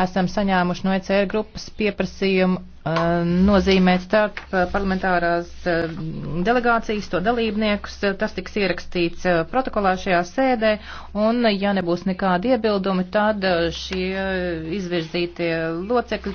esam saņēmuši no ECR grupas pieprasījumu uh, nozīmēt starp uh, parlamentārās uh, delegācijas to dalībniekus. Uh, tas tiks ierakstīts uh, protokolā šajā sēdē, un ja nebūs nekādi iebildumi, tad uh, šie izvirzītie locekļi